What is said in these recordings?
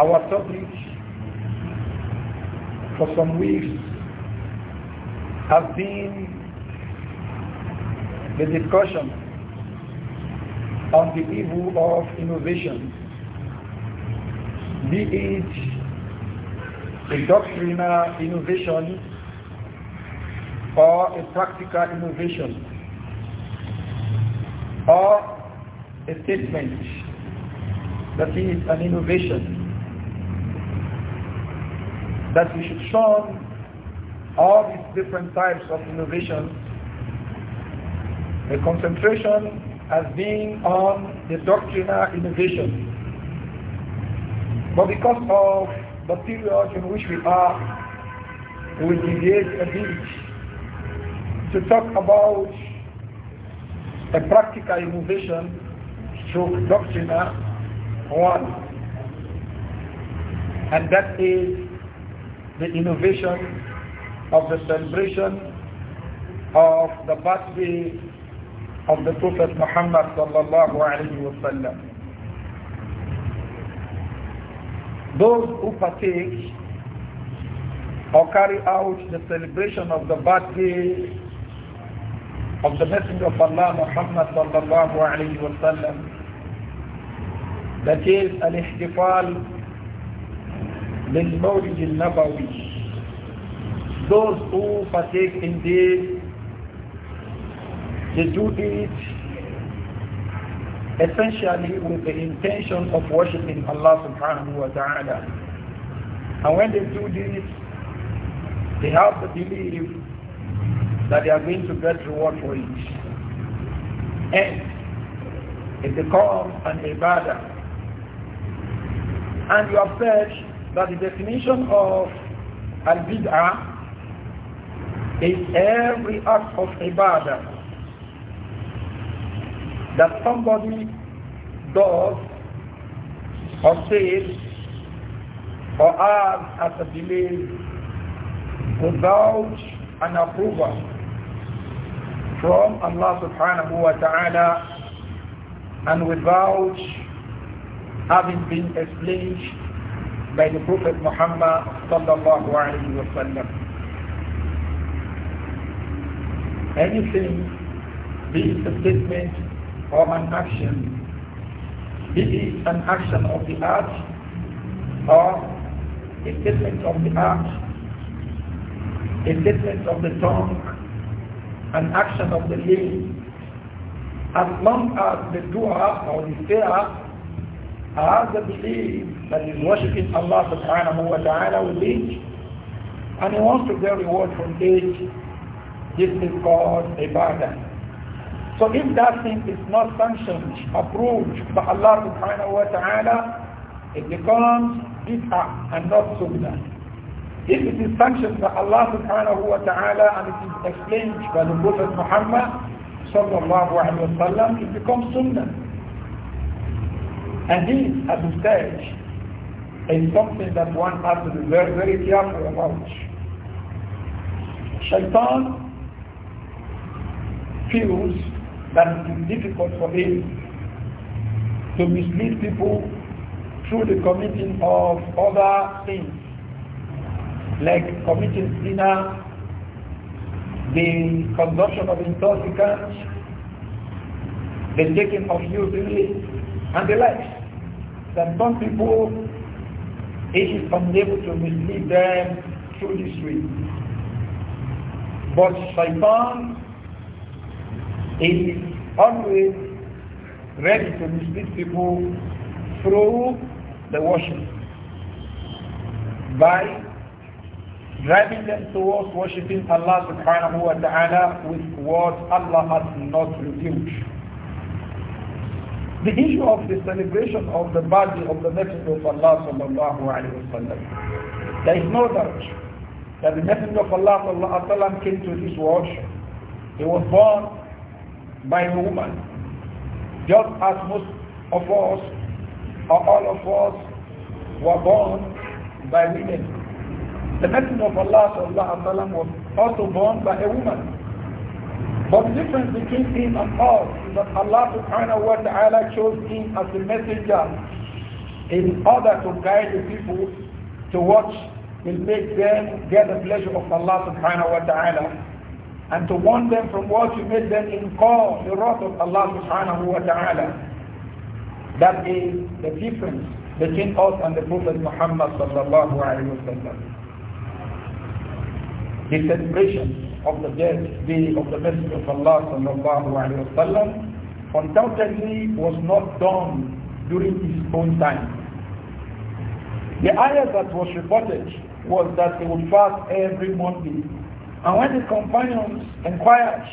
our topic for some weeks has been the discussion on the evil of innovation, be it a doctrinal innovation or a practical innovation or a statement that is an innovation that we should show all these different types of innovations. The concentration has been on the doctrinal innovation. But because of the period in which we are, we will deviate a bit to talk about a practical innovation through doctrinal one, and that is the innovation of the celebration of the birthday of the Prophet Muhammad sallallahu alayhi wasallam. Those who partake or carry out the celebration of the birthday of the Messenger of Allah Muhammad sallallahu alayhi wasallam, that is al-ihtifal للمورد النبوي those who partake in this they do it essentially with the intention of worshipping Allah subhanahu wa ta'ala and when they do this they have the belief that they are going to get reward for it and it becomes an ibadah and you are said that the definition of al-bid'ah is every act of ibadah that somebody does or says or has as a belief without an approval from Allah subhanahu wa ta'ala and without having been explained by the Prophet Muhammad sallallahu alayhi wa sallam. Anything, be it a statement or an action, be it an action of the heart, or a statement of the heart, a statement of the tongue, an action of the lips, as long as the doer or the sayer have the belief that he's worshipping Allah subhanahu wa ta'ala with it, and he wants to get reward from it, this is called ibadah. So if that thing is not sanctioned, approved by Allah subhanahu wa ta'ala, it becomes bid'ah and not sunnah. If it is sanctioned by Allah subhanahu wa ta'ala and it is explained by the Prophet Muhammad sallallahu alayhi wa sallam, it becomes sunnah. And this, at we stage, is something that one has to be very, very careful about. Shaitan feels that it is difficult for him to mislead people through the committing of other sins, like committing sinner, the consumption of intoxicants, the taking of usury, and the likes. That some people, it is unable to mislead them through this way. But Shaitan is always ready to mislead people through the worship by driving them towards worshipping Allah subhanahu wa ta'ala with what Allah has not revealed the issue of the celebration of the body of the Messenger of Allah sallallahu alaihi wasallam. There is no doubt that the Messenger of Allah sallallahu came to this world. He was born by a woman, just as most of us or all of us were born by women. The Messenger of Allah sallallahu was also born by a woman the difference between him and us is that Allah subhanahu wa ta'ala chose him as a messenger in order to guide the people to what will make them get the pleasure of Allah subhanahu wa ta'ala and to warn them from what will make them incur the wrath of Allah subhanahu wa ta'ala. That is the difference between us and the Prophet Muhammad sallallahu alayhi wa sallam. The celebration of the death day of the Messenger of Allah sallallahu alayhi wa sallam undoubtedly was not done during his own time. The ayah that was reported was that he would fast every Monday. And when the companions inquired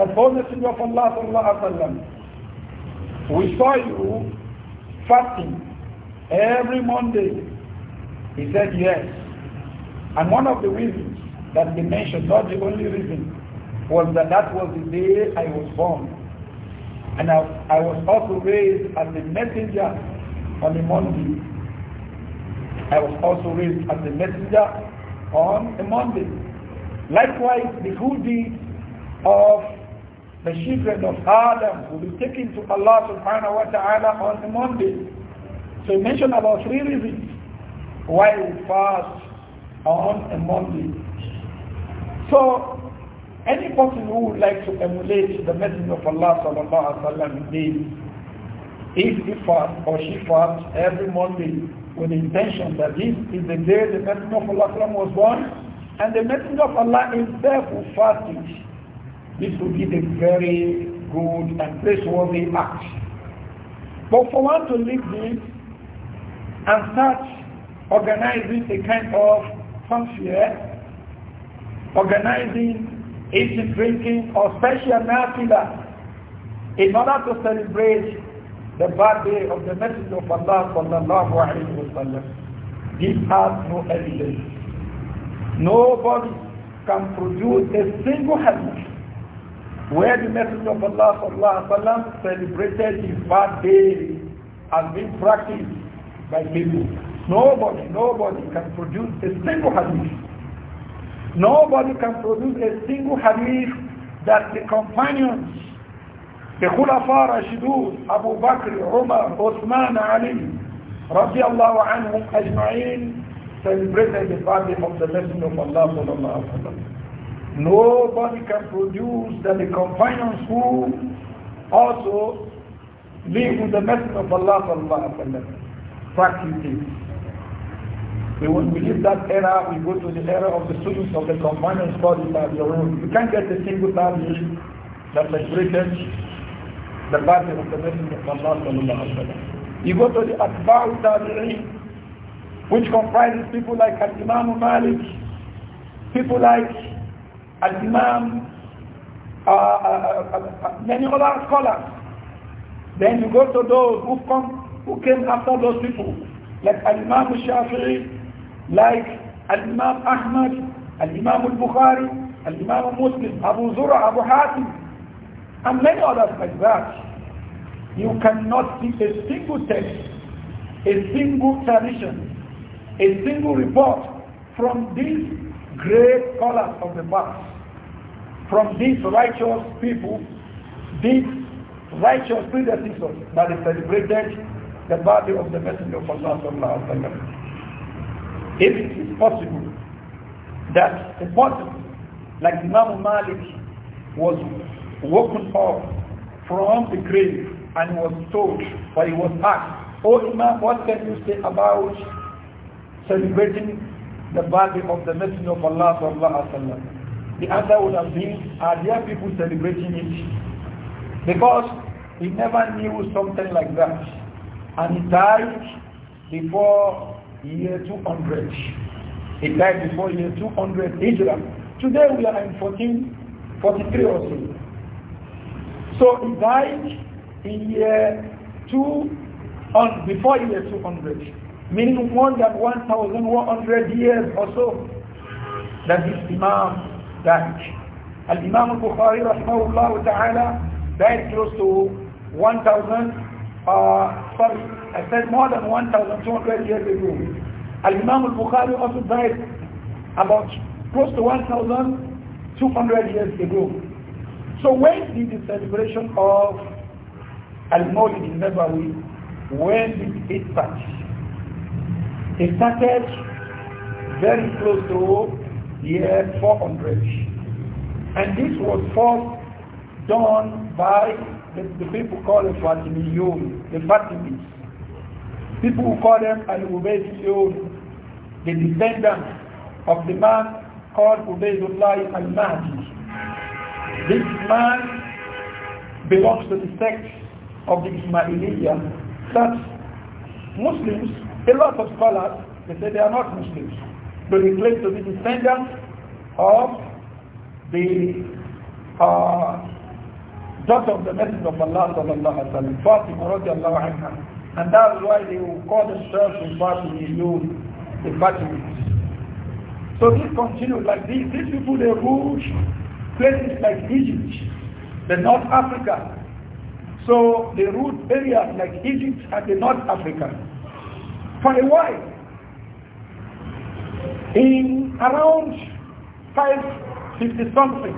that O Messenger of Allah sallallahu alayhi wa sallam, we saw you fasting every Monday. He said yes. And one of the reasons that they mentioned, not the only reason, was that that was the day I was born. And I, I was also raised as a messenger on a Monday. I was also raised as a messenger on a Monday. Likewise, the good deeds of the children of Adam will be taken to Allah subhanahu wa ta'ala on a Monday. So he mentioned about three reasons why we fast on a Monday. So, any person who would like to emulate the Messenger of Allah sallallahu alaihi wasallam if he fasts or she fasts every Monday with the intention that this is the day the Messenger of Allah sallam, was born, and the Messenger of Allah himself will fast this will be a very good and praiseworthy act. But for one to leave this and start organizing a kind of fanfare organizing eating, drinking, or special nafila in order to celebrate the birthday of the Messenger of Allah sallallahu alayhi wa sallam. This has no evidence. Nobody can produce a single hadith where the Messenger of Allah sallallahu alayhi wa sallam celebrated his birthday and been practiced by people. Nobody, nobody can produce a single hadith Nobody can produce a single hadith that the companions, the Khulafa Rashidun, Abu Bakr, Umar, Uthman, Ali, radiallahu anhum ajma'in, celebrated the birthday of the Messenger of Allah sallallahu Nobody can produce that the companions who also live with the Messenger of Allah sallallahu alaihi Fact is. We, will, we that era, we go to the era of the students of the companions called the You can't get a single Tabi'un that celebrated the body of the Messenger of Allah sallallahu alayhi wa You go to the Atba'u Tabi'in, which comprises people like Al-Imam Malik, people like Al-Imam, uh, uh, uh, uh, many other scholars. Then you go to those who come, who came after those people, like Al-Imam Shafi'i, like Al-Imam Ahmad, Al-Imam Al-Bukhari, Al-Imam Muslim, Abu Zura, Abu Hatim, and many others like that. You cannot see a single text, a single tradition, a single report from these great scholars of the past, from these righteous people, these righteous predecessors that celebrated the body of the Messenger of Allah. If it is possible that a person like Imam Malik was woken up from the grave and was told, or he was asked, Oh Imam, what can you say about celebrating the birthday of the Messenger of Allah sallallahu alaihi wasallam? The answer would have been, are there people celebrating it? Because he never knew something like that. And he died before year 200. He died before year 200 Israel. Today we are in 1443 or so. So he died in year 2 on before year 200, meaning more than 1,100 years or so that his Imam died. Al Imam Bukhari, rahmahullah ta'ala, died close to 1,000, uh, sorry, I said more than 1,200 years ago. Al-Imam al-Bukhari also died about close to 1,200 years ago. So when did the celebration of Al-Mawlid in Nabawi, when did it start? It started very close to year 400. And this was first done by the, the people called Fatimiyun, the Fatimis. People who call them al Ubaydiyun, the descendants of the man called Ubaydullah al-Mahdi. This man belongs to the sect of the Ismailiyya. Such Muslims, a lot of scholars, they say they are not Muslims, but they claim to be descendants of the uh, daughter of the Messenger of Allah sallallahu alaihi wasallam, Fatima and that's why they will call themselves in battle alone, the battlefields. So this continues like this. These people, they ruled places like Egypt, the North Africa. So they ruled areas like Egypt and the North Africa for a while. In around 550 something,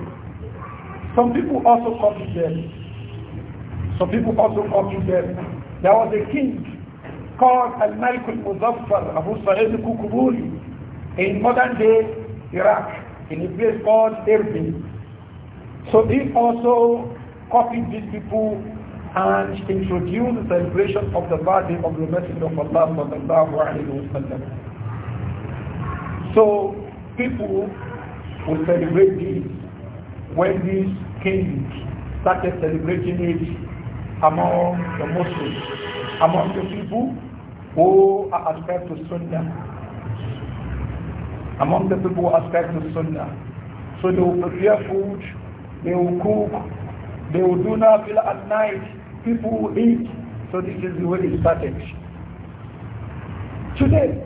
some people also copied them. Some people also copied them. There was a king called Al-Malik al-Muzaffar Abu Sa'id al-Kukuburi in modern day Iraq in a place called Erbil. So he also copied these people and introduced the celebration of the birthday of the Messenger of Allah sallallahu alayhi wa sallam. So people will celebrate this when this king started celebrating it among the Muslims, among the people who are ascribed to Sunnah. Among the people who are ascribed to Sunnah. So they will prepare food, they will cook, they will do nafila at night, people will eat. So this is the way it started. Today,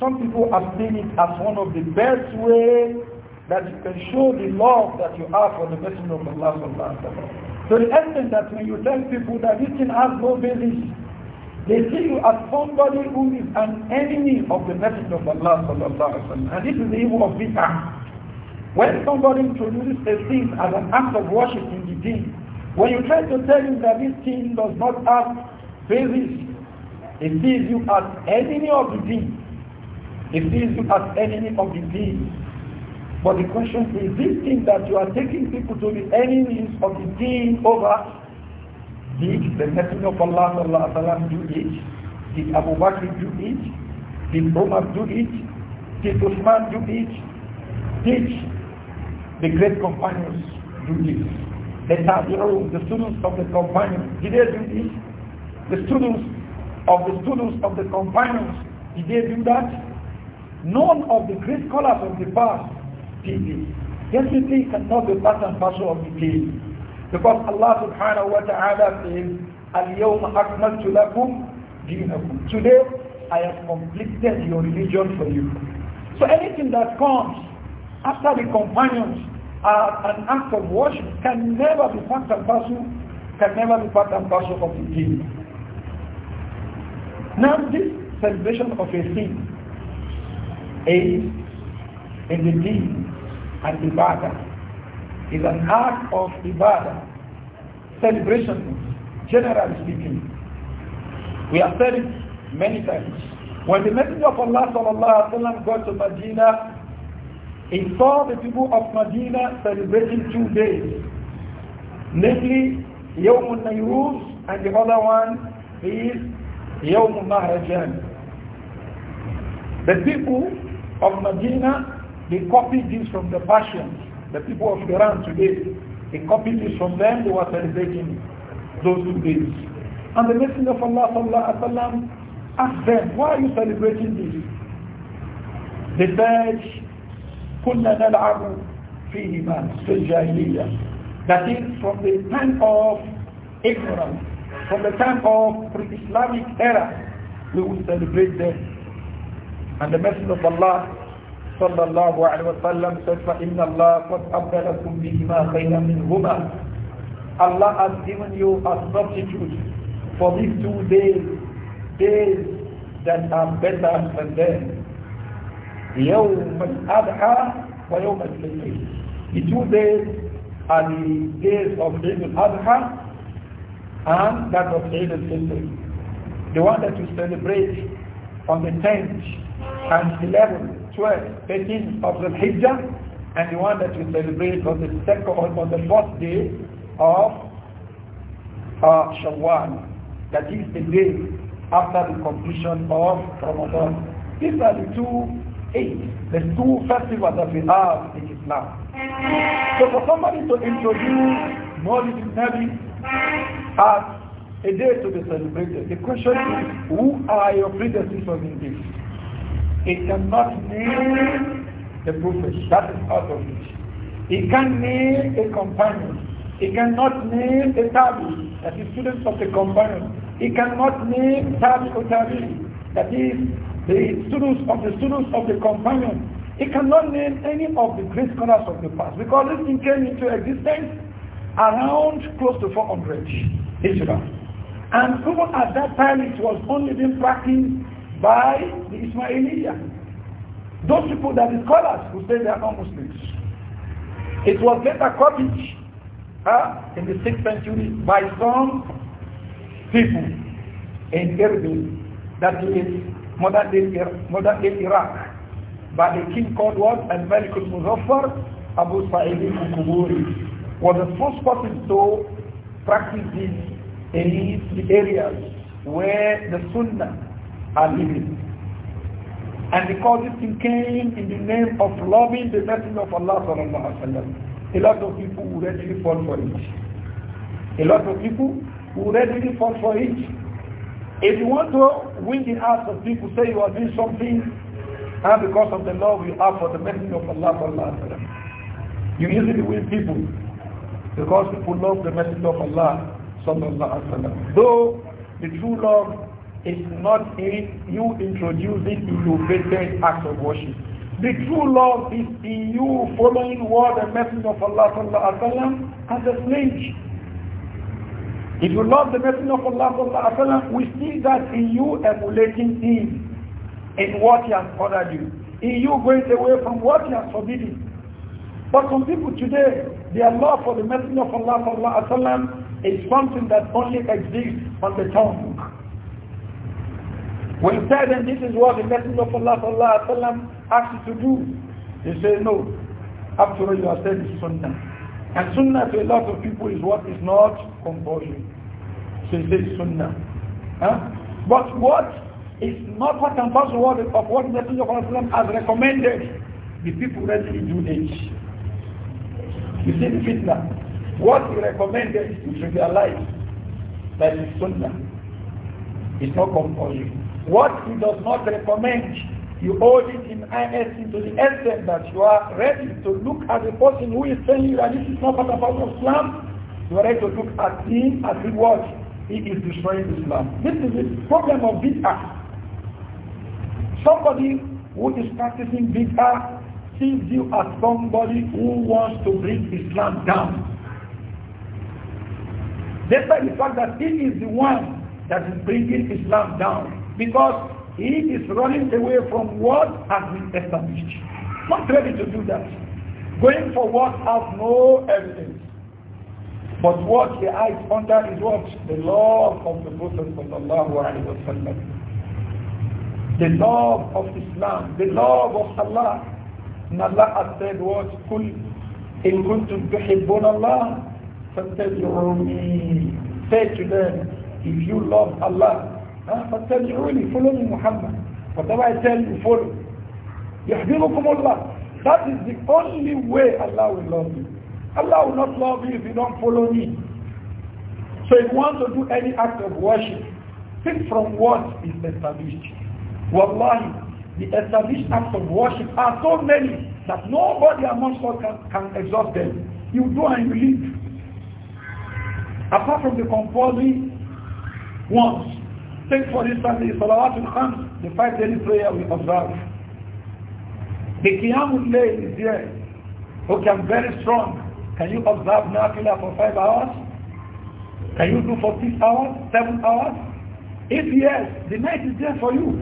some people have seen it as one of the best ways that you can show the love that you have for the Messenger of Allah. So the essence that when you tell people that this thing has no basis, they see you as somebody who is an enemy of the message of Allah sallallahu alaihi wasallam. And this is the evil of bid'ah. When somebody introduces a thing as an act of worship in the deen, when you try to tell him that this thing does not have basis, he sees you as enemy of the deen. He sees you as enemy of the deen. But the question is, this thing that you are taking people to the enemies of the deen over, did the Messenger of Allah sallallahu do it? Did Abu Bakr do it? Did Umar do it? Did Uthman do it? Did the great companions do it? The Tabi'un, the students of the companions, did they do this? The students of the students of the companions, did they do that? None of the great scholars of the past PE. Density cannot be part and parcel of the deed Because Allah subhanahu wa ta'ala says, Al-Yawma akmaltu lakum dinakum. Today, I have completed your religion for you. So anything that comes after the companions are an act of worship can never be part and parcel, can never be part and parcel of the deed. Now this celebration of a sin is in the deed an ibadah. Is an act of ibadah. Celebration, generally speaking. We have said it many times. When the Messenger of Allah sallallahu alaihi wasallam got to Medina, he saw the people of Medina celebrating two days. Namely, Yawm al-Nayruz and the other one is Yawm al-Mahrajan. The people of Medina they copied this from the Persians, the people of Iran today. They copied this from them, they were celebrating those two days. And the Messenger of Allah sallallahu asked them, why are you celebrating this? They said, كنا نلعب فيهما في الجاهلية. That is from the time of ignorance, from the time of pre-Islamic era, we will celebrate them. And the Messenger of Allah صلى الله عليه وسلم said فإن الله قد أبدلكم بهما خيرا منهما Allah has given you a substitute for these two days days that are better than them يوم الأضحى ويوم الفطر The two days are the days of Eid al-Adha and that of Eid al-Fitr. The one that you celebrate on the 10th and 11, 12, 13 of the Hijjah, and the one that we celebrate on the second on the fourth day of uh, Shawwal, that is the day after the completion of Ramadan. These are the two eight, the two festivals that we have in Islam. So for somebody to introduce Maulid Nabi as a day to be celebrated, the question is, who are your predecessors in this? It cannot name the prophet. That is out of it. It can name a companion. It cannot name a tabi, that is students of the companion. It cannot name tabi or tabi, that is the students of the students of the companion. It cannot name any of the great scholars of the past because this thing came into existence around close to 400 ago, And even at that time it was only being practiced by the Ismailiyah. Those people that are scholars who say they are not Muslims. It was later copied uh, in the 6th century by some people in Erbil, that is modern day, modern day Iraq, by a king called what? Al-Malik al-Muzaffar Abu Sa'id al-Kuburi was the first person to practice this in the areas where the Sunnah are living. And because this thing came in the name of loving the Messenger of Allah sallallahu alaihi wasallam, a lot of people will readily fall for it. A lot of people will readily fall for it. If you want to win the hearts of people, say you are doing something and ah, because of the love you have for the Messenger of Allah sallallahu alaihi wasallam, you easily win people because people love the Messenger of Allah sallallahu alaihi wasallam. Though the true love it's not in you introducing innovative acts of worship. The true love is in you following what the Messenger of Allah sallallahu alaihi wasallam has explained. If you love the message of Allah sallallahu alaihi wasallam, we see that in you emulating him in what he has ordered you, in you going away from what he has forbidden. But some people today, their love for the message of Allah sallallahu alaihi wasallam is something that only exists on the tongue. When you tell them this is what the Messenger of Allah sallallahu alayhi asked you to do, they say no. After all, you are saying this is sunnah. And sunnah to a lot of people is what is not compulsory. So you say sunnah. Huh? But what is not what and of what the Messenger of Allah has recommended, the people readily do it. You see the fitna. What he recommended is to life that is sunnah. It's not compulsory. What he does not recommend, you hold it in ISC to the extent that you are ready to look at the person who is telling you that this is not part of Islam. You are ready to look at him as he was. He is destroying Islam. This is the problem of bid'ah. Somebody who is practicing bid'ah sees you as somebody who wants to bring Islam down. Despite the fact that he is the one that is bringing Islam down because he is running away from what has been established. Not ready to do that. Going for what has no evidence. But what he eyes under is what? The love of the Prophet The love of Islam, the love of Allah. And Allah has said what? Kul in kuntum tuhibbun Allah Say to them, if you love Allah, فاتبعوني follow me Muhammad whatever I tell you follow الله that is the only way Allah will love you Allah will not love you if you don't follow me so if you want to do any act of worship think from what is established wallahi the established acts of worship are so many that nobody amongst us can, can exhaust them you do and you apart from the compulsory ones Take for instance the Salawat al-Khams, the five daily prayer we observe. The Qiyamul Layl is there, who can very strong. Can you observe Nafila for five hours? Can you do for six hours, seven hours? If yes, the night is there for you.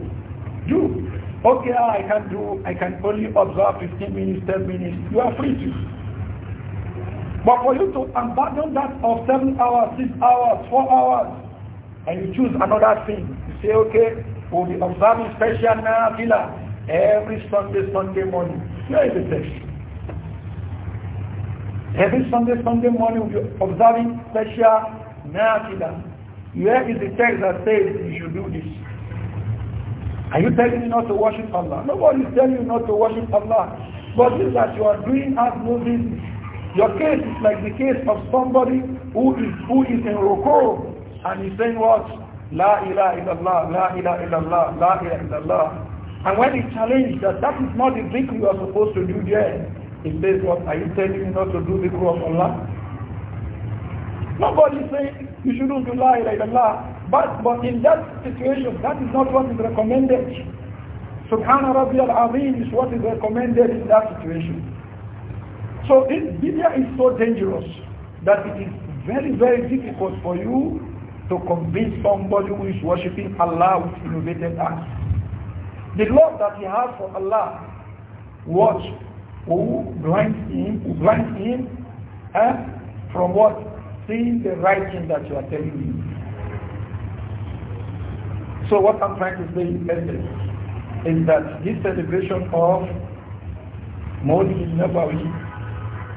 Do. Okay, ah, I can do, I can only observe 15 minutes, 10 minutes. You are free to. But for you to abandon that of seven hours, six hours, four hours, and you choose another thing. You say, okay, we'll be observing special nafila every Sunday, Sunday morning. Here is the text. Every Sunday, Sunday morning, we'll be observing special nafila. Here is the text that says you should do this. Are you telling me not to worship Allah? Nobody is telling you not to worship Allah. But this that you are doing has no Your case is like the case of somebody who is who is in Roko and he's saying what? La ilaha illallah, la ilaha illallah, la ilaha illallah. And when he challenged that that is not the dhikr you are supposed to do there, he says what? Are you telling me not to do dhikr of Allah? Nobody is saying you shouldn't do la ilaha illallah. But, but in that situation, that is not what is recommended. Subhana Rabbi al-Azim is what is recommended in that situation. So this bidya is so dangerous that it is very, very difficult for you to convince somebody who is worshipping Allah with innovated acts. The love that he has for Allah, what who blinds him, who blinds him eh, from what? Seeing the right thing that you are telling him. So what I'm trying to say is, is that this celebration of Maulid al-Nabawi,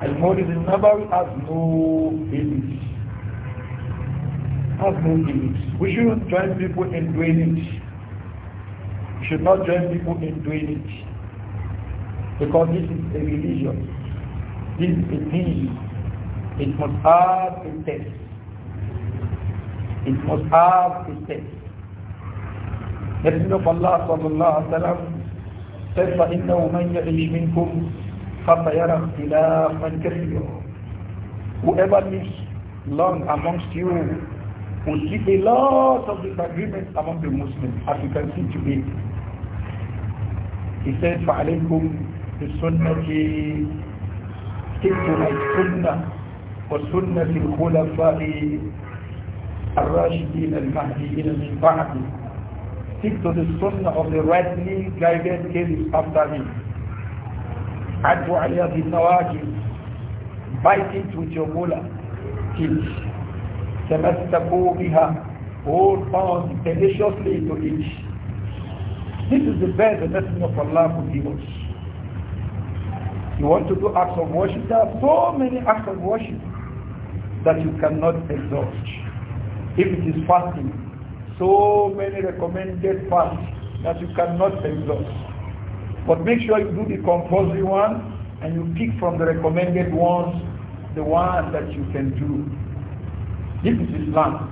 al-Maulid al-Nabawi has no basis no We shouldn't join people in doing it. We should not join people in doing it. Because this is a religion. This is a thing. It must have a test. It must have a test. Messenger of Allah sallallahu alaihi wasallam said, فَإِنَّهُ مَنْ يَعِشْ مِنْكُمْ فَسَيَرَ اخْتِلَافًا كَثِيرًا Whoever lives long amongst you we see a lot of disagreements among the Muslims, as you can see today. He said, فَعَلَيْكُمْ بِالسُنَّةِ Stick to my sunnah وَسُنَّةِ الْخُلَفَاءِ الرَّاشِدِينَ الْمَهْدِيِّينَ مِنْ بَعْدِ Stick to the sunnah of the rightly guided Caliphs after me. عَدْوَ عَلَيْهِ بِالنَّوَاجِبِ Bite it with your mullah. Teach. تمسكوا بها hold on tenaciously to each. this is the best the of Allah could give us you want to do acts of worship there are so many acts of worship that you cannot exhaust if it is fasting so many recommended fasts that you cannot exhaust but make sure you do the compulsory one and you pick from the recommended ones the one that you can do this is Islam.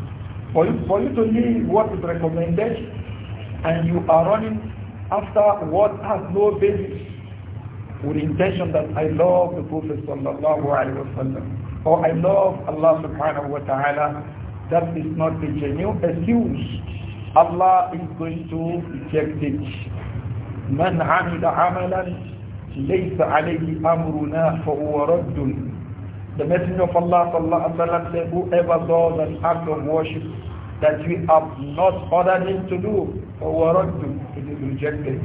For you, for you to leave what is recommended and you are running after what has no basis with intention that I love the Prophet sallallahu alaihi wasallam or I love Allah subhanahu wa ta'ala that is not a genuine excuse Allah is going to reject it من عمل عملا ليس عليه أمرنا فهو رد the Messenger of Allah Allah alaihi said, whoever does an act of worship that we have not ordered him to do, فَوَرَدُّ It is rejected.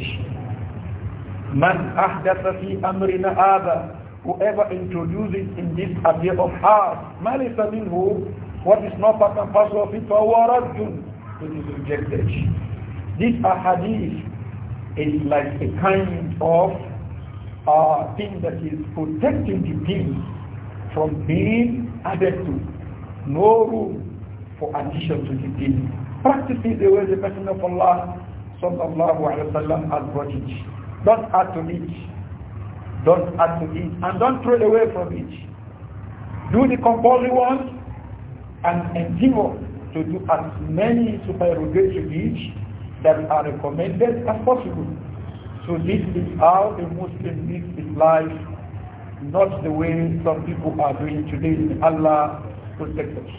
مَنْ أَحْدَثَ فِي أَمْرِنَا آذَا Whoever introduces in this affair of ours, مَا لَيْسَ What is not part and parcel of it, فَوَرَدُّ It is rejected. This ahadith is like a kind of uh, thing that is protecting the peace from being added to. No room for addition to the deen. Practicing the way the Messenger of Allah sallallahu alayhi wa sallam has brought it. Don't add to it. Don't add to it. And don't throw away from it. Do the compulsory ones and endeavor to do as many supererogatory deeds that are recommended as possible. So this is how a Muslim lives his life not the way some people are doing today. Allah protect us.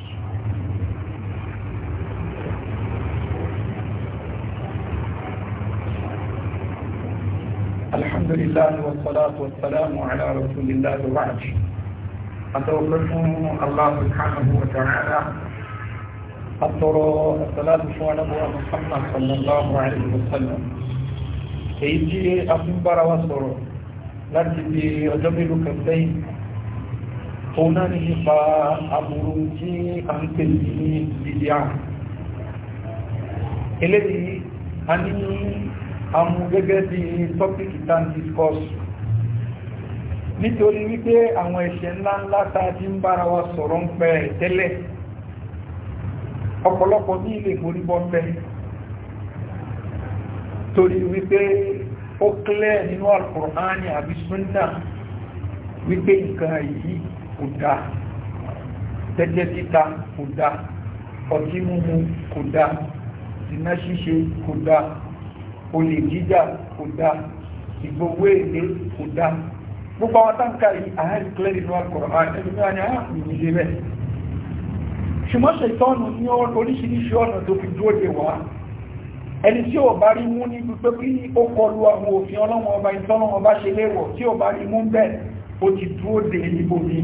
الحمد لله والصلاة والسلام على رسول الله وبعد أتوقفهم الله سبحانه وتعالى أطر الصلاة ونبوة محمد صلى الله عليه وسلم إيجي أفنبر وصره láti bí ọjọ́ mélòó kan sẹ́yìn òun náà nípa tí a ń pè ní ìdí àrùn a ní amú gẹ́gẹ́ bí tọ́pìkì tá discuss nítorí wípé àwọn ẹ̀ṣẹ̀ ńlá tá a ń bára wa sọ̀rọ̀ ń tẹ́lẹ̀ ọ̀pọ̀lọpọ̀ ó kílẹ̀ nínú alkùnrání àbí súnnà wípé nǹkan yìí kò dá tẹ́tẹ́ títa kò dá ọtí mímu kò dá ìná ṣíṣe kò dá olè jíjà kò dá ìgbowó èlé kò dá gbogbo àwọn táǹkà yìí àárí kílẹ̀ nínú alkùnrání ẹni ní àná ah, ní oríṣiríṣi ọ̀nà tó fi dúró de wàá ẹni tí ò bá rí mú ní pípé kí ó kọlu àwọn òfin ọlọ́wọ́n ọba ìtọ́lọ́wọ́n ọba ṣe léwọ̀ tí ò bá rí mú bẹ́ẹ̀ ó ti dúró dé níbo mi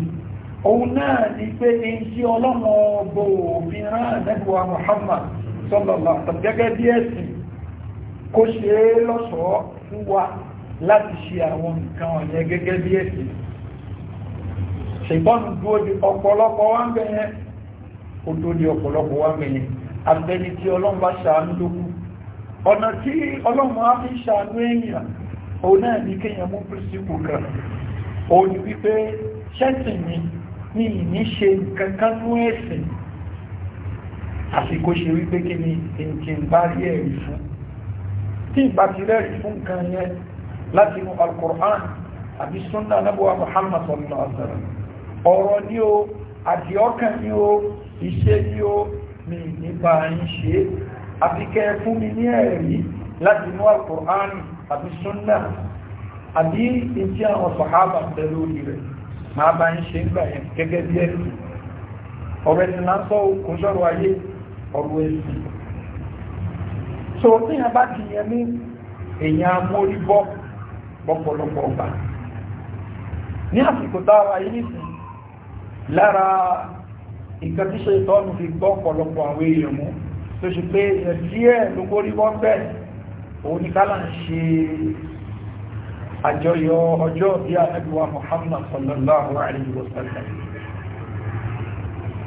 òun náà ni pé ẹni tí ọlọ́wọ́n ọba òfin rán àdẹ́gbọ̀wá Muhammad sọ́lọ́lá gẹ́gẹ́ bí ẹ̀sìn kó ṣe é lọ́ṣọ̀ọ́ fún wa láti ṣe àwọn nǹkan ọ̀yẹ́ gẹ́gẹ́ bí ẹ̀sìn ṣèbọ́nù dúró di ọ̀pọ̀lọpọ̀ wá ń bẹ̀yẹn kò ọ̀nà tí ọlọ́run á fi ṣàánú èèyàn òun náà ní kéèyàn mú pírísìpù kan òun ni wípé ṣẹ́sìn mi ní ìní ṣe nǹkan kan nú ẹ̀sìn àsìkò ṣe wípé kí ni nǹkan bá rí ẹ̀rí fún tí ìgbà ti rẹ́rí fún nǹkan yẹn láti inú al àbí súnà nábọ̀wá Muhammad sallallahu alaihi wasallam ọ̀rọ̀ ni o àdìọ́kàn ni ni o àfi kẹ́ fún mi ní ẹ̀rí láti inú alkùránì àbí súnnà àbí ìtí àwọn sọ̀hábà pẹ̀lú orí rẹ̀ máa bá ń ṣe ńgbà yẹn gẹ́gẹ́ bí ẹ̀rí ọ̀rọ̀ ẹ̀sìn lásán kò sọ̀rọ̀ ayé ọ̀rọ̀ ẹ̀sìn so ní abá ti yẹn ní èèyàn amórí bọ́ bọ́pọ̀lọpọ̀ ọgbà ní àsìkò táwa yìí nìsín lára nǹkan tí fi gbọ́ ọ̀pọ̀lọpọ̀ àwọn èèyàn mú tó ṣe pé díẹ̀ ló kórí wọ́n bẹ́ òun ní kálà ń ṣe àjọyọ̀ ọjọ́ bí anábíwá Muhammad sallallahu alayhi wa sallam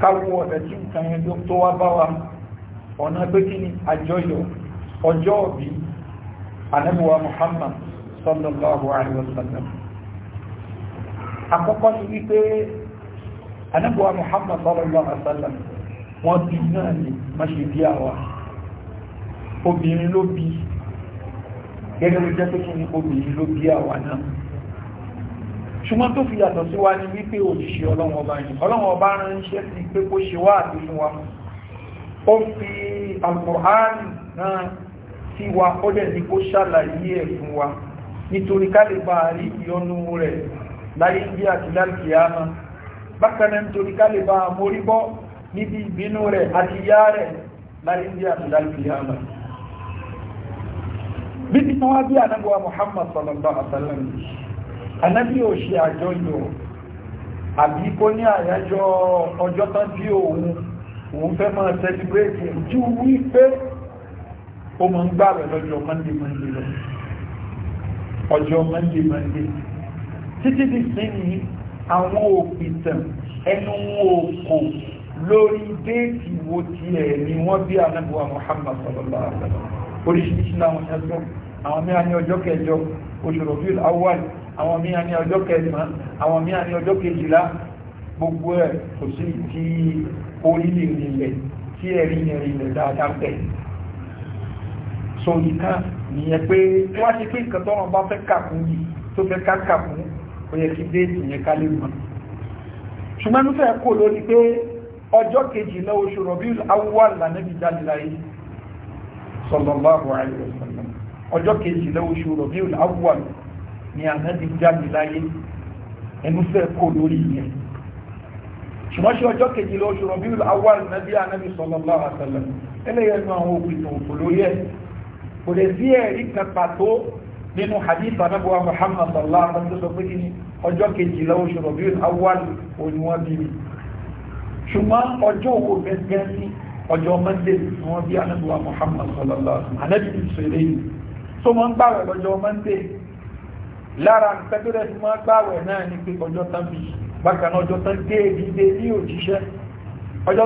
káwọ ọ̀dẹ̀ tí nǹkan yẹn tó wá bá wa ọ̀nà pé kí ni àjọyọ̀ ọjọ́ bí anábíwá Muhammad sallallahu alayhi wa sallam àkọ́kọ́ ni wípé anábíwá Muhammad sallallahu alayhi wa sallam wọ́n bí náà ni má ṣe bí àwa obìnrin ló bí gẹ́gẹ́ ló jẹ́ pé kí ni obìnrin ló bí àwa náà ṣùgbọ́n tó fi yàtọ̀ sí wa ní wípé òṣìṣẹ́ ọlọ́wọ́ ọba yìí ọlọ́wọ́ ọba ránṣẹ́ sí pé kó ṣe wá àti fún wa ó fi rí ìyọnu rẹ̀ láyé bí àti lálùkìyàmá bákan náà nítorí ká lè bọ́ níbi ìbínú rẹ̀ àti yá rẹ̀ láti ní àtìlálìfìyàmà bí ti tán wá bí anábíwa Muhammad sallallahu alaihi wasallam anábí ò ṣe àjọyọ̀ àbí kó ní àyájọ́ ọjọ́ tán bí òun òun fẹ́ máa celebrate ju wípé ó mọ̀ ń gbà rẹ̀ lọ́jọ́ monday monday lọ ọjọ́ monday monday títí di sí ni àwọn òpìtàn ẹnu wọn ò kò lórí déètì wo tiẹ̀ ni wọ́n bí anábùwà Muhammad sallallahu alaihi wa sallam oríṣiríṣi làwọn yẹn sọ àwọn mìíràn ní ọjọ́ kẹjọ oṣù rọ̀bíl awal àwọn mìíràn ní ọjọ́ kẹsàn àwọn mìíràn ní ọjọ́ kejìlá gbogbo ẹ̀ kò sí ti orílẹ̀ ìrìnlẹ̀ tí ẹ̀rí ìrìnlẹ̀ dáadáa pẹ̀ so nìkan nìyẹn pé wá ṣe pé nǹkan tọ́rọ bá fẹ́ kàkún yìí tó fẹ́ kàkún ó yẹ kí déètì yẹn ká lè mọ̀ ṣùgbọ́n nífẹ̀ẹ́ kò lórí pé ọjọ́ kejìlá oṣù Rabiul Awwal lànàbí jáde láyé sallallahu alaihi wasallam ọjọ́ kejìlá oṣù Rabiul Awwal ni ànábì jáde láyé ẹnu fẹ́ kó lórí yẹn ṣùgbọ́n ṣe ọjọ́ kejìlá oṣù Rabiul Awwal nàbí ànábì sallallahu alaihi wasallam ẹlẹ́yẹnu àwọn òpìtàn òfò lórí ẹ̀ kò lè sí ẹ̀rí kan pàtó nínú hadith anabuwa Muhammad sallallahu alaihi wasallam pé kí ni ọjọ́ kejìlá oṣù Rabiul Awwal òní bí mi ṣùgbọ́n ọjọ́ òkú gẹ́gẹ́ sí ọjọ́ monday ni wọ́n bí anábíwá muhammad sallallahu anábí ní ìṣẹ̀lẹ̀ yìí tó wọ́n gbàwẹ̀ lọ́jọ́ monday lára pẹ́tẹ́rẹ́ tí wọ́n gbàwẹ̀ náà ni pé ọjọ́ tán bí bákan náà ọjọ́ tán gé ìdíde ní òjíṣẹ́ ọjọ́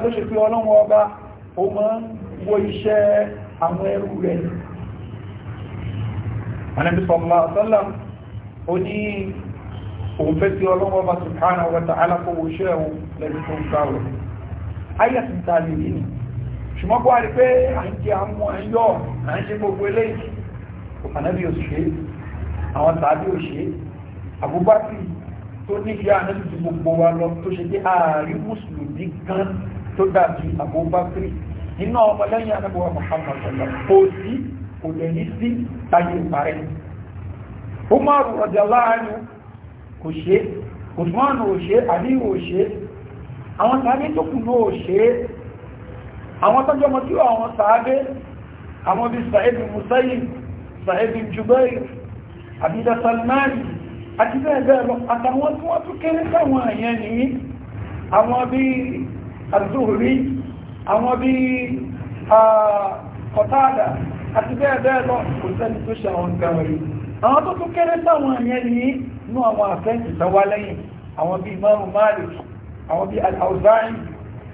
òun fẹ́ tí ọlọ́wọ́ bá subhanahu wa ta'ala kówó iṣẹ́ òun lẹ́nu tó ń ká òun ayé ti ta lè yìí ṣùgbọ́n kó a rí pé à ń jẹ àmú à ń yọ à ń ṣe gbogbo eléyìí ànábì ò ṣe àwọn tàbí ò ṣe àbúbákì tó nífẹ̀ẹ́ ànábì ti gbogbo wa lọ tó ṣe pé ààrí mùsùlùmí kan tó dàbí àbúbákì nínú ọmọlẹ́yìn ànábì wa Muhammad sallam kò sí kò kò ṣe Usman ò ṣe Ali ò ṣe àwọn sàábé tó kù ló ṣe àwọn tọ́jọ́ mọ́ tí àwọn sàábé àwọn bí Sa'id Musayyib Sa'id Jubair Abida Salmani àti bẹ́ẹ̀ bẹ́ẹ̀ lọ àtàwọn tí wọ́n tún kéré sáwọn èèyàn ní àwọn bí Az-Zuhri àwọn bí Qatada àti bẹ́ẹ̀ bẹ́ẹ̀ lọ kò sẹ́ni tó ṣe àwọn inú àwọn àfẹ́ǹtì tán wá lẹ́yìn àwọn bíi Imam Malik àwọn bíi Al-Awza'i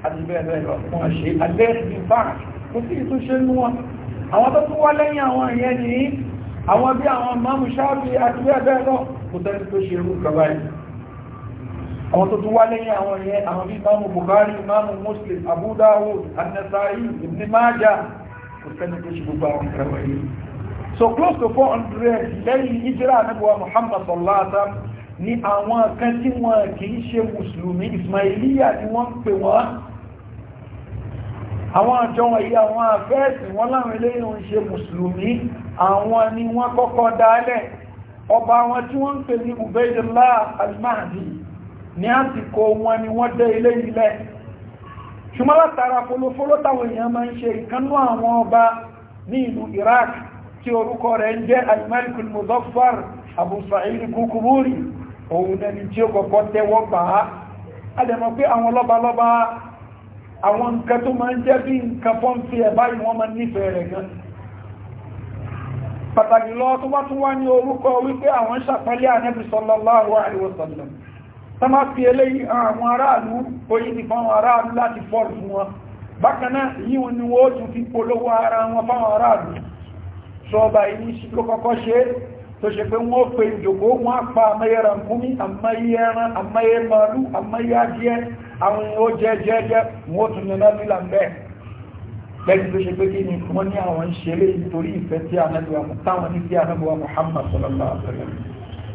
àti bẹ́ẹ̀ bẹ́ẹ̀ lọ wọ́n ṣe alẹ́sìn fáà kò sí ìtúnṣe nú wọn àwọn tó tún wá lẹ́yìn àwọn ìyẹn ní àwọn bí àwọn Imam Shafi àti bẹ́ẹ̀ bẹ́ẹ̀ lọ kò tẹ́lẹ̀ tó ṣe irú kaba yìí Muslim Abu Dawud an Ibn Majah kò tẹ́lẹ̀ tó ṣe gbogbo àwọn kaba yìí so close to 400 lẹ́yìn ìjírà nígbà Muhammad sallallahu ni àwọn kan tí wọ́n kì í ṣe mùsùlùmí Ismailiya ni wọ́n pè wọ́n àwọn àjọ wọ̀nyí àwọn àfẹ́ẹ̀sì wọ́n láwọn ilé ìrìn ṣe mùsùlùmí àwọn ni wọ́n kọ́kọ́ dálẹ̀ ọba wọn tí wọ́n pè ní Ubaydullah al-Mahdi ní àsìkò wọn ni wọ́n dé ilé ilẹ̀ ṣùgbọ́n látara folofolo táwọn èèyàn máa ń ṣe ìkánú àwọn ọba ní ìlú Iraq tí orúkọ rẹ̀ ń jẹ́ almalikul muzaffar abu sa'id kúkúrúrì òun ẹni tí ó kọ́kọ́ tẹ́wọ́ bá á adẹ̀mọ̀ pé àwọn lọ́balọ́ba àwọn nǹkan tó máa ń jẹ́ bí nǹkan fọ́nfí ẹ̀ báyìí wọ́n máa nífẹ̀ẹ́ rẹ̀ gan pàtàkì lọ tó bá tún wá ní orúkọ wípé àwọn sọba yìí sí ló kọ́kọ́ ṣe tó ṣe pé wọ́n pe ìjòkó wọ́n á pa àmáyé rankúmí àmáyé ẹran àmáyé màálù àmáyé adìẹ àwọn ó jẹ jẹjẹ wọ́n tún nínú nílà ń bẹ́ lẹ́yìn tó ṣe pé kí ni wọ́n ní àwọn ìṣẹ̀lẹ̀ nítorí ìfẹ́ tí anábíwá táwọn ní sí anábíwá Muhammad sallallahu alaihi wa sallam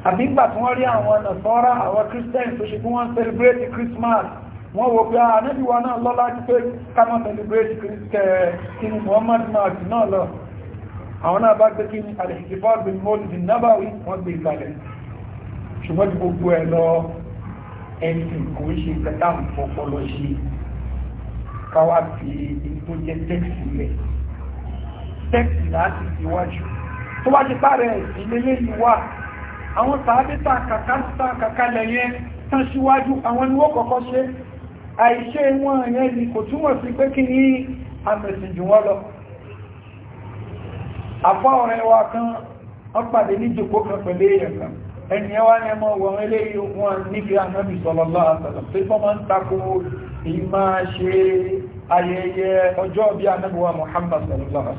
àbí ìgbà tí wọ́n rí àwọn nàṣọ́rá àwọn christian tó ṣe fún wọn celebrate Christmas wọ́n wo pé anábíwá ah, náà lọ́lá ti pé ká má celebrate kí ni Muhammad náà lọ àwọn náà bá gbé kí ní àdìsíkífà bí mọ́lìdì nábàwí wọ́n gbé ìgbàlẹ̀ ṣùgbọ́n ju gbogbo ẹ̀ lọ ẹ̀sìn kò ń ṣe kẹta àpọ̀pọ̀lọ ṣe káwá fi tó jẹ́ tẹ́kìsì rẹ̀ tẹ́kìsì láti síwájú tó wá ti pààrẹ̀ ìlélẹ́ yìí wà àwọn sàábẹ́ta kàkàtà kàkàlẹ̀ yẹn tán síwájú àwọn ni wọ́n kọ́kọ́ ṣe àìṣe wọn yẹn ni kò túmọ̀ sí pé kí ní àmẹ̀sìn jù wọ́n lọ àfá ọ̀rẹ́ kan ọpàdé ní jòkó kan pẹ̀lú èèyàn kan ẹni ẹwà ni ẹmọ wọn eléyìí wọn níbi ànábì sallallahu alaihi wasallam wọ́n máa ń takò ṣe ayẹyẹ ọjọ́ bí ànábì wa Muhammad sallallahu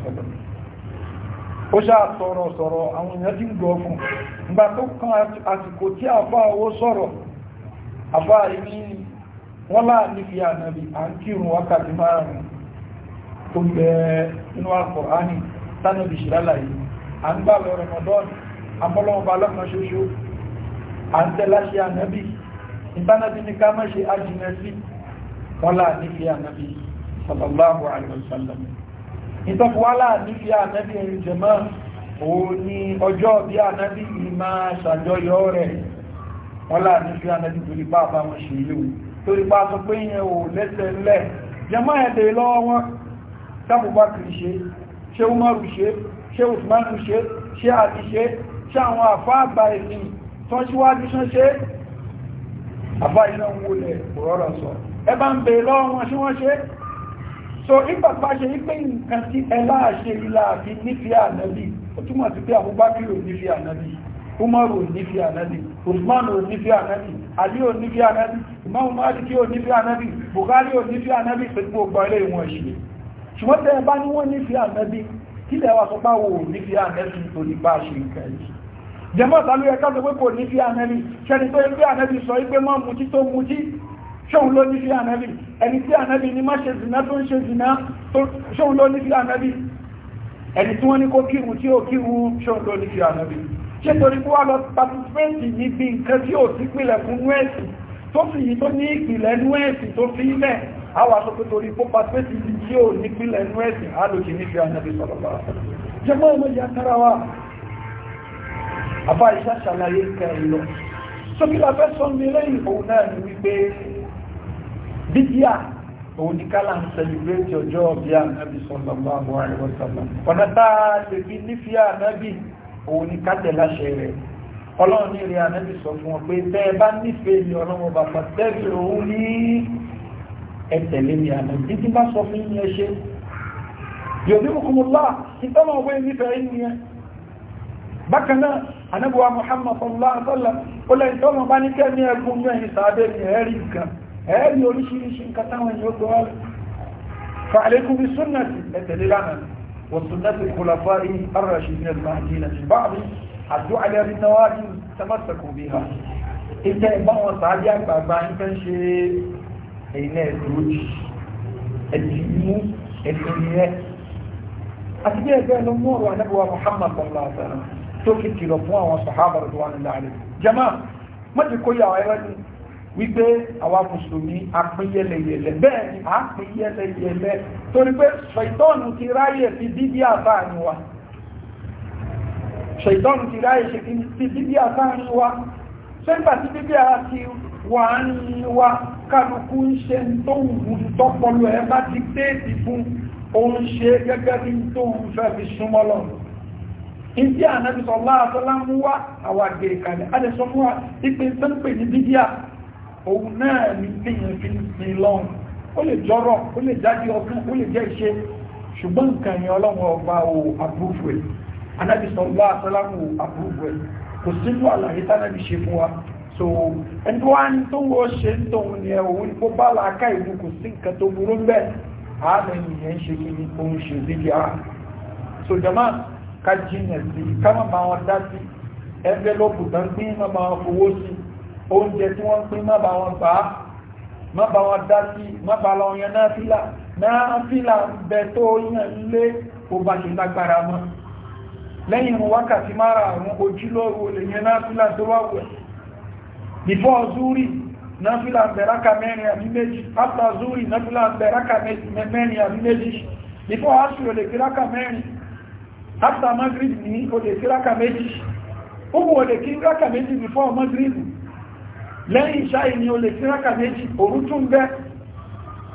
tánà bí ṣìlálà yìí a ń gbà lọ ramadan amọ́lọ́wọ́ba lọ́kan ṣoṣo a ń tẹ́lá ṣe ànábì ìbánábí ní ká mọ́ ṣe ajínà sí kọ́lá nífi ànábì sallallahu alaihi wasallam ìtọ́fúwálà nífi ànábì ẹ̀rìn jẹ̀mọ́ òun ni ọjọ́ bí ànábì ìmá ṣàjọyọ̀ rẹ̀ kọ́lá nífi ànábì torí bá bá wọn ṣe yíò torí bá sọ pé ẹ̀dẹ̀ lọ́wọ́ wọn sábùbá kìí ṣe ṣe umaru ṣe ṣe usmanu ṣe ṣe àti ṣe ṣe àwọn àfá àgbà ẹ̀sìn tó ṣíwájú ṣán ṣe àfá iná ń wọlẹ̀ òrọ́rọ̀ sọ ẹbá ń bèèrè lọ́wọ́ wọn ṣí wọ́n ṣe so ìpàpá ṣe wípé nǹkan tí ẹlá ṣe ilá àfi nífẹ̀ẹ́ ànábì ó túmọ̀ sí pé Abubakar ò nífẹ̀ẹ́ ànábì umaru ò nífẹ̀ẹ́ ànábì usman ò nífẹ̀ẹ́ ànábì ali ò nífẹ̀ẹ́ ànábì imam maliki ò nífẹ̀ẹ́ ànábì buhari ò nífẹ̀ẹ́ ànábì pẹ̀lú gbogbo ilé ìwọ̀n ìṣẹ̀lẹ̀ ṣùgbọ́n tẹ́ bá ní wọ́n nífẹ̀ẹ́ ànẹ́bí kí lẹ́ wà sọpá wò nífẹ̀ẹ́ ànẹ́bí torí bá ṣe nǹkan yìí jẹmọ́ta ló yẹ ká sọ pé kò nífẹ̀ẹ́ ànẹ́bí ṣẹni tó ẹgbẹ́ ànẹ́bí sọ pé mọ́ mutí tó mutí ṣóun ló nífẹ̀ẹ́ ànẹ́bí ẹni tí ànẹ́bí ni má ṣe zìnà tó ń ṣe zìnà ṣóun ló nífẹ̀ẹ́ ànẹ́bí ẹni tí wọ́n ní kó kírun tí ó kírun ṣóun ló nífẹ̀ẹ́ ànẹ́bí ṣé torí kó wá lọ patisipéǹtì níbi nǹkan tí ò sí pìlẹ̀ fún nú ẹ̀sìn tó sì yí tó ní ìpìlẹ̀ nú ẹ̀sìn tó fi ilẹ̀ àwọn asọ́pẹ́ torí pópa pẹ́sì ti tí ó nípínlẹ̀ inú ẹ̀sìn alòṣì wa àbá ìṣá ṣàlàyé kẹrin lọ so kí la fẹ́ sọ ní lẹ́yìn òun náà ni wípé bíbíà òun ní kálà ń sẹlẹ̀bẹ̀tì ọjọ́ bí anábì sọ̀rọ̀lá àwọn àríwọ̀sọ̀lá ọ̀nà táà lè fi nífẹ́ anábì òun ní kátẹ̀ láṣẹ rẹ̀ ọlọ́run ní ilẹ̀ anábì sọ fún ọ pé tẹ́ bá nífẹ̀ẹ́ ni ọlọ́run bàbá tẹ́bí òun ní ẹ tẹ̀lé mi àmọ́ títí bá sọ fún yín ẹ ṣe yòmí kùmùlá ìtọ́nà ọgbẹ́ nífẹ̀ẹ́ yín yẹn bákan náà anábùwà Muhammad sallallahu alaihi wasallam ó lẹ́yìn tọ́nà bá ní kẹ́mi ẹ̀gún ní ẹ̀yìn sàádé ní ẹ̀rí nǹkan ẹ̀rí oríṣiríṣi nǹkan táwọn èèyàn gbọ́ rẹ̀ fa'alaykum bi sunnati ẹ tẹ̀lé lánàá wa ìtẹ́ ìbáwọn sàádé àgbààgbà ń fẹ́ ṣe ẹ̀yin náà dúró jì ẹ̀dì mú ẹ̀sìn rẹ̀ àti bí ẹgbẹ́ ló mú ọ̀rọ̀ anábíwá Muhammad sallallahu alaihi wasallam tó fi kìlọ̀ fún àwọn sàhábà rẹ̀ wọn nílẹ̀ àlẹ́ jama má ti kó yàwá ẹ̀rọ ni wípé àwa mùsùlùmí apín yẹlẹyẹlẹ bẹ́ẹ̀ ni a pín yẹlẹyẹlẹ torí pé ṣètọ́nù ti ráyè fi bíbí àbá wa ṣètọ́nù ti ráyè fi bíbí àbá wa ṣé tí bíbí àbá wà ń wa kálukú ń ṣe tó wù tọ́pọlọ ẹ bá ti téèdì fún òun ṣe gẹ́gẹ́ bí tó ń fẹ́ fi súnmọ́ lọ ìdí ànábi sọ̀lá àtọ́lá mú wá àwọn àgbèrè e a lè sọ fún wa ipe tó ń pè ní bídíà òun náà ní téèyàn fi ní lọ́run ó lè jọrọ̀ ó lè jáde ọdún ó lè jẹ́ ìṣe ṣùgbọ́n nǹkan ẹ̀yìn ọlọ́run ọba o àbúrúfù ẹ̀ ànábi sọ̀lá àtọ́lá mú àbúrúfù ẹ̀ kò sínú àlàyé tánábi ṣe fún wa so ẹni wá ní tó wọ́n ṣe ń tòun ní ẹ̀wọ̀n ní kó bá làákà ìlú kò sí nǹkan tó burú ń bẹ̀ ààrẹ ìyẹn ṣe kí ni tó ń ṣe dídí ara so jama ká jìnà sí ká má máa wọn dá sí ẹgbẹ́ lọ́pù tán pín má máa wọn fowó sí oúnjẹ tí wọ́n pín má bá wọn bá má bá wọn dá sí má bá wọn náà fílà náà fílà bẹ tó yàn lé kó bá ṣe lágbára mọ́ lẹ́yìn wákàtí márààrún ojúlówó lè yan náà fílà tó wà wẹ̀ before zuri náfílà bẹ̀ráka mẹ́rin àbí méjì after zuri náfílà bẹ̀ráka mẹ́rin àbí méjì before asri o lè kíráka mẹ́rin after magrib ní o kíráka méjì umu o kíráka méjì before magrib lẹ́yìn ìṣáyì ni o lè kíráka méjì orútún bẹ́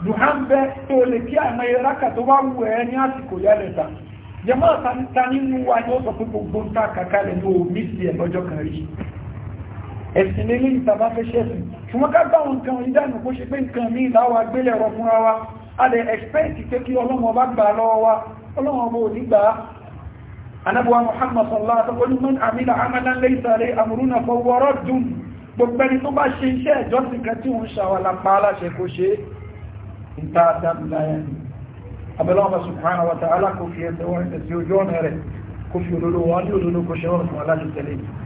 duhan bẹ́ tó lè kí àmà ìráka tó wá wù ẹ́ ní àsìkò yálẹ̀ta jẹmọ́ ta nínú wa ni ó sọ pé gbogbo ẹ̀sìn lélé ìtàbá fẹ́ ṣẹ́sìn ṣùgbọ́n ká gbá wọn kan ìdánù kó ṣe pé nǹkan ní ìlàwà gbélẹ̀ ọ̀rọ̀ fúnra wa a lè ẹ̀sìpẹ́ǹtì pé kí ọlọ́mọ bá gbà lọ́wọ́ wa ọlọ́mọ bó ní gbà á anábọ̀wá Muhammad sallallahu alaihi wa sallam amila amalan laysa alayhi amruna fahuwa raddun gbogbo ẹni tó bá ṣe iṣẹ́